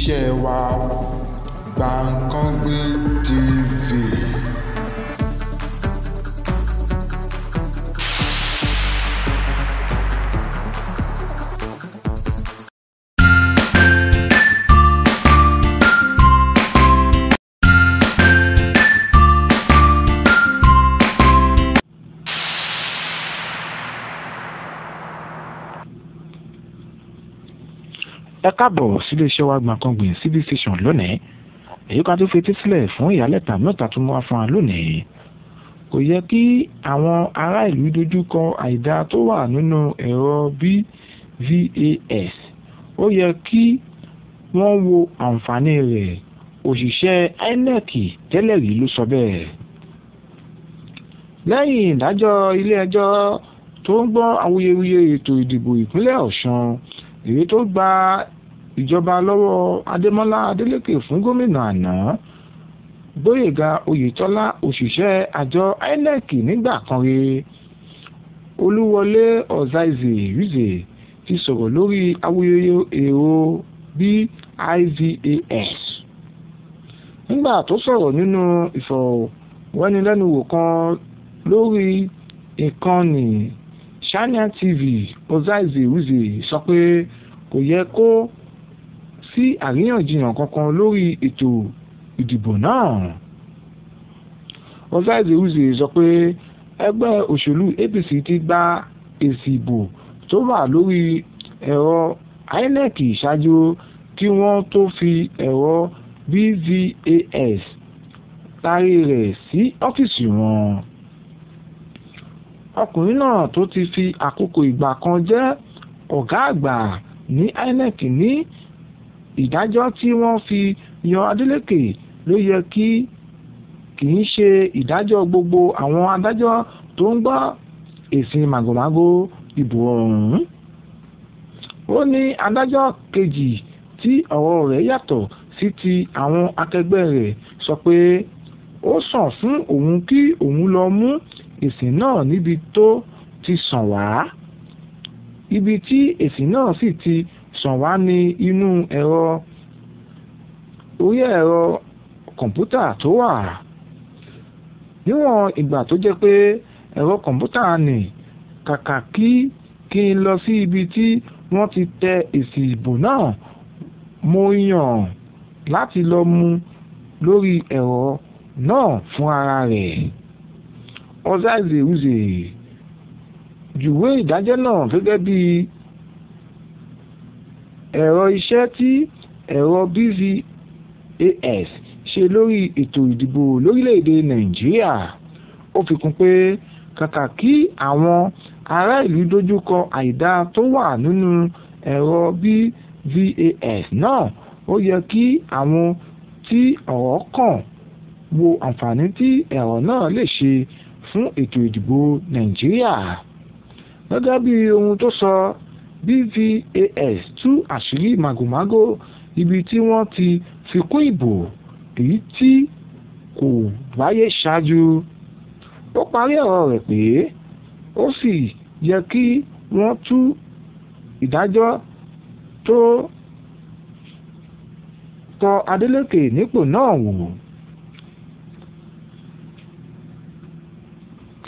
iṣẹ́ wa Gbankanbi TV. ẹ káàbọ̀ sílé iṣẹ́ wa Gbankanbi cb station lónìí èyí kan tó fetí sílẹ̀ fún ìyálẹ̀ta mẹ́ta tó mọ́ afọ́n lónìí kò yẹ kí àwọn ará ìlú dojú kọ àìdá tó wà nínú ẹ̀rọ bvas ó yẹ kí wọ́n wo àǹfààní rẹ̀ òṣìṣẹ́ INEC tẹ́lẹ̀ rí ló sọ bẹ́ẹ̀ lẹ́yìn ìdájọ́ ilé ẹjọ́ tó ń gbọ́ awuyewuye ètò ìdìbò ìpínlẹ̀ Ọ̀ṣun èyí tó gba ìjọba lọ́wọ́ adémọ́lá fún gómìnà àná gbóyèga oyetola òṣìṣẹ́ àjọ inec nígbà kan rí olúwọlé ọ̀záìzì ti sọ̀rọ̀ lórí awuyewuye èrò BIVAS nígbà tó sọ̀rọ̀ nínú kan lórí ìkànnì shania TV ọ̀záìzì sọ pé. kò yẹ kó sí àríyànjiyàn kankan lórí ètò ìdìbò náà. Rosalind Eze sọ pé ẹgbẹ́ òṣèlú APC ti gba èsì ìbò tó wà lórí ẹ̀rọ INEC ṣáájú kí wọ́n tó fi ẹ̀rọ BVAS tarí rẹ̀ sí ọ́fíìsì wọn. ọkùnrin náà tó ti fi àkókò ìgbà kan jẹ́ ọ̀gá àgbà ní INEC ní ìdájọ́ tí wọ́n fi yan Adeleke ló yẹ kí kì í ṣe ìdájọ́ gbogbo àwọn adájọ́ tó ń gbọ́ èsì màgòmágó ìbò ọ̀hún. ó ní adájọ́ kejì tí ọ̀rọ̀ rẹ̀ yàtọ̀ sí ti àwọn akẹgbẹ́ rẹ̀ sọ pé ó sàn fún òun kí òun lọ mú èsì náà níbi tó ti sàn wá ibi tí èsì náà sì ti sàn wá ní inú ẹ̀rọ orí ẹ̀rọ kọ̀ǹpútà tó wà níwọ̀n ìgbà tó jẹ́ pé ẹ̀rọ kọ̀ǹpútà nì kàkà kí kí n lọ sí ibi tí wọ́n ti tẹ èsì ìbò náà mo yàn láti lọ mú lórí ẹ̀rọ náà fún ara rẹ̀ ọ̀záìzèwúzè júwe ìdájọ́ náà gẹ́gẹ́ bí ẹ̀rọ iṣẹ́ tí ẹ̀rọ BVAS ṣe lórí ètò ìdìbò lórílẹ̀ Nigeria Nàìjíríà ó fi kún pé kàkà kí àwọn ará ìlú dojúkọ àìdá tó wà nínú ẹ̀rọ BVAS náà ó yẹ kí àwọn tí ọ̀rọ̀ kàn wo àǹfààní tí ẹ̀rọ náà lè ṣe fún ètò ìdìbò Nàìjíríà gẹ́gẹ́ bí ohun tó sọ bvas tú àṣírí màgòmágó ibi tí wọ́n ti fi kún ìbò èyí tí kò wáyé ṣáájú ó parí ọ̀rọ̀ rẹ̀ pé ó sì yẹ kí wọ́n tú ìdájọ́ tó tọ Adeleke nípò náà wò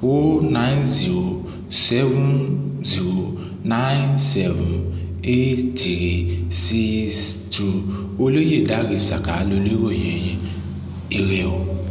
o nine zero seven zero nine seven eight three six two olóyèdárìn saka lolóròyìn yín ire o